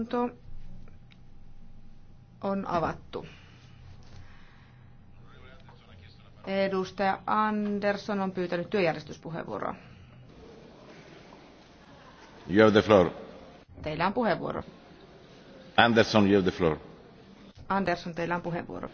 Istunto on avattu. Edustaja Andersson on pyytänyt työjärjestyspuheenvuoroa. You have the floor. Teillä on puheenvuoro. Andersson, you have the floor. Andersson, teillä on puheenvuoro.